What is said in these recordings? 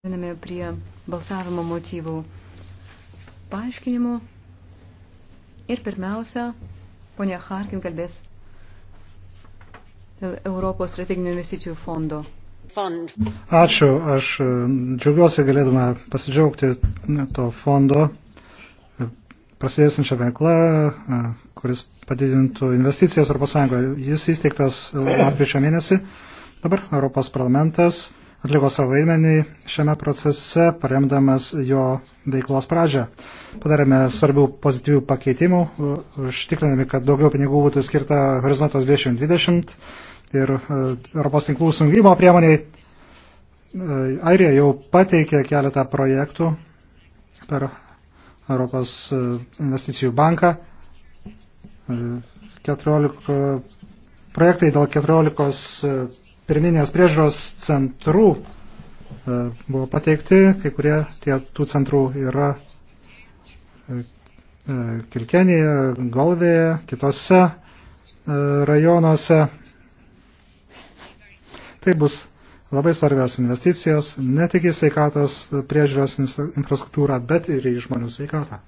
Einame prie balsavimo motyvų paaiškinimų. Ir pirmiausia, ponia Harkin kalbės dėl Europos strateginių investicijų fondo. Fond. Ačiū, aš e, džiaugiuosi galėdama pasidžiaugti to fondo e, prasidėsinčią veiklą, e, kuris padidintų investicijas Europos Sąjungoje. Jis įsteigtas lapkričio mėnesį. Dabar Europos parlamentas atliko savo vaidmenį šiame procese, paremdamas jo veiklos pradžią. Padarėme svarbių pozityvių pakeitimų, užtikrinami, kad daugiau pinigų būtų skirta Horizontas 2020 ir e, Europos tinklų sungimo priemoniai. E, Airija jau pateikė keletą projektų per Europos e, investicijų banką. 14 projektai dėl 14 pirminės priežiūros centrų e, buvo pateikti, kai kurie tie, tų centrų yra e, e, Kilkenėje, Galvėje, kitose rajonuose. Tai bus labai svarbios investicijos ne tik į sveikatos priežiūros infrastruktūrą, bet ir į žmonių sveikatą.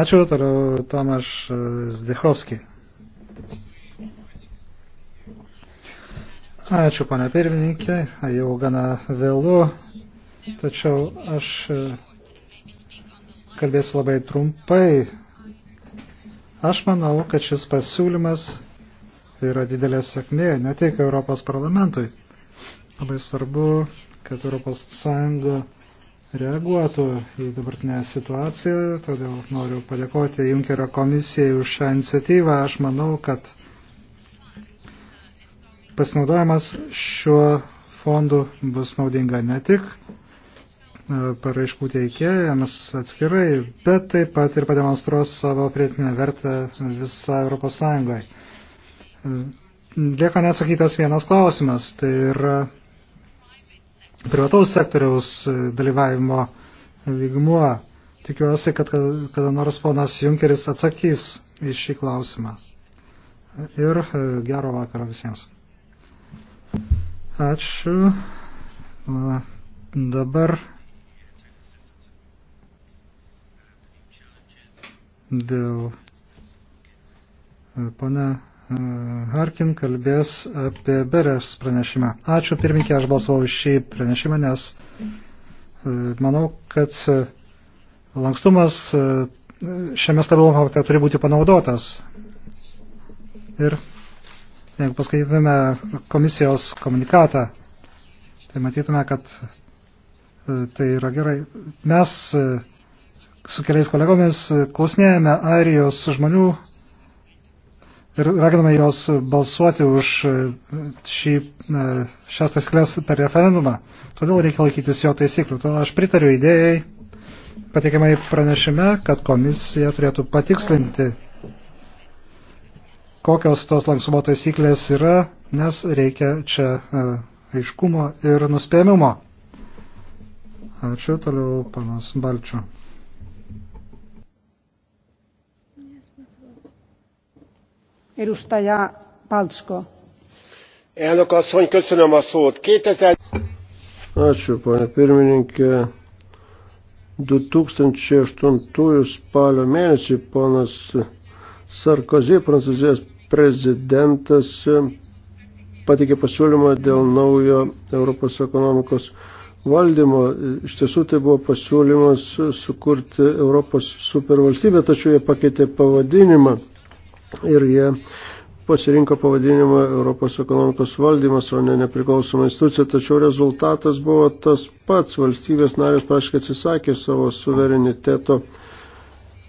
Ačiū, toliau Tomaš Zdechovski. Ačiū, pane pirmininkė, jau gana vėlu, tačiau aš e, kalbėsiu labai trumpai. Aš manau, kad šis pasiūlymas yra didelė sėkmė ne tik Europos parlamentui. Labai svarbu, kad Europos Sąjunga reaguotų į dabartinę situaciją, todėl noriu padėkoti Junkerio komisijai už šią iniciatyvą. Aš manau, kad Pasinaudojimas šiuo fondu bus naudinga ne tik e, paraiškų teikėjams atskirai, bet taip pat ir pademonstruos savo prietinę vertę visą Europos Sąjungai. E, lieka neatsakytas vienas klausimas, tai yra privataus sektoriaus dalyvavimo lygmuo. Tikiuosi, kad kada nors ponas Junkeris atsakys į šį klausimą. Ir e, gero vakaro visiems. Ačiū. Dabar dėl e, pana e, Harkin kalbės apie Berės pranešimą. Ačiū pirminkė, aš balsavau šį pranešimą, nes e, manau, kad lankstumas šiame stabilumo fakte turi būti panaudotas. Ir Jeigu paskaitytume komisijos komunikatą, tai matytume, kad e, tai yra gerai. Mes e, su keliais kolegomis e, klausinėjame airijos žmonių ir raginame juos balsuoti už šį, šias taisyklės per referendumą. Todėl reikia laikytis jo taisyklių. Todėl aš pritariu idėjai pateikiamai pranešime, kad komisija turėtų patikslinti kokios tos lankstumo taisyklės yra, nes reikia čia e, aiškumo ir nuspėmimo. Ačiū toliau, panas Balčiu. Edustaja Paltsko. Elnök asszony, köszönöm a szót. 2000... Ačiū, pane pirmininkė. 2008 spalio mėnesį ponas Sarkozy, prancūzijos prezidentas patikė pasiūlymą dėl naujo Europos ekonomikos valdymo. Iš tiesų tai buvo pasiūlymas sukurti Europos supervalstybę, tačiau jie pakeitė pavadinimą ir jie pasirinko pavadinimą Europos ekonomikos valdymas, o ne nepriklausoma institucija, tačiau rezultatas buvo tas pats. Valstybės narės praškai atsisakė savo suvereniteto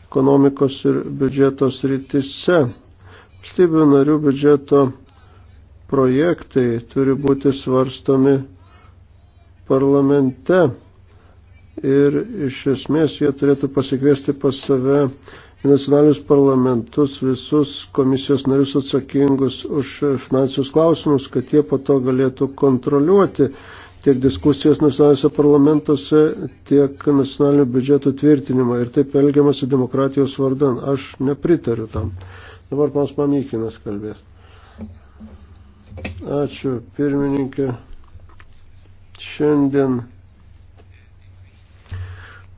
ekonomikos ir biudžetos rytise. Valstybių narių biudžeto projektai turi būti svarstomi parlamente ir iš esmės jie turėtų pasikviesti pas save į nacionalinius parlamentus visus komisijos narius atsakingus už finansinius klausimus, kad jie po to galėtų kontroliuoti tiek diskusijas nacionaliniuose parlamentuose, tiek nacionalinių biudžetų tvirtinimą. Ir taip elgiamasi demokratijos vardan. Aš nepritariu tam. Dabar pans Mamykinas kalbės. Ačiū, pirmininkė. Šiandien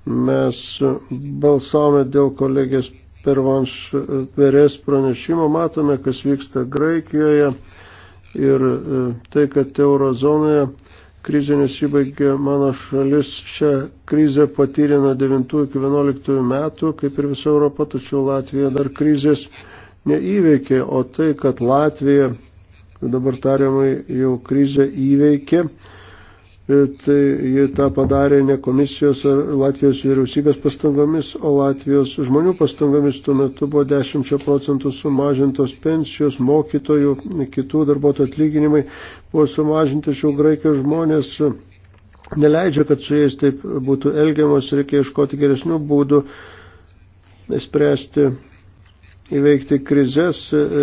mes balsavome dėl kolegės Pervanš Perės pranešimo. Matome, kas vyksta Graikijoje ir e, tai, kad eurozonoje krizė nesibaigė mano šalis šią krizę patyrė nuo 9 iki 11 metų, kaip ir visa Europa, tačiau Latvija dar krizės neįveikė, o tai, kad Latvija dabar tariamai jau krizę įveikė, e, tai ji tą padarė ne komisijos ar Latvijos vyriausybės pastangomis, o Latvijos žmonių pastangomis tuo metu buvo 10 procentų sumažintos pensijos, mokytojų, kitų darbuotojų atlyginimai buvo sumažinti, šių graikijos žmonės neleidžia, kad su jais taip būtų elgiamas, reikia iškoti geresnių būdų spręsti įveikti krizės,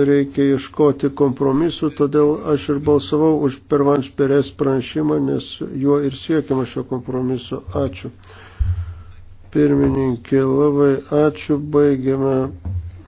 reikia ieškoti kompromisų, todėl aš ir balsavau už Pervanš Perės pranešimą, nes juo ir siekiama šio kompromiso. Ačiū. Pirmininkė, labai ačiū, baigiame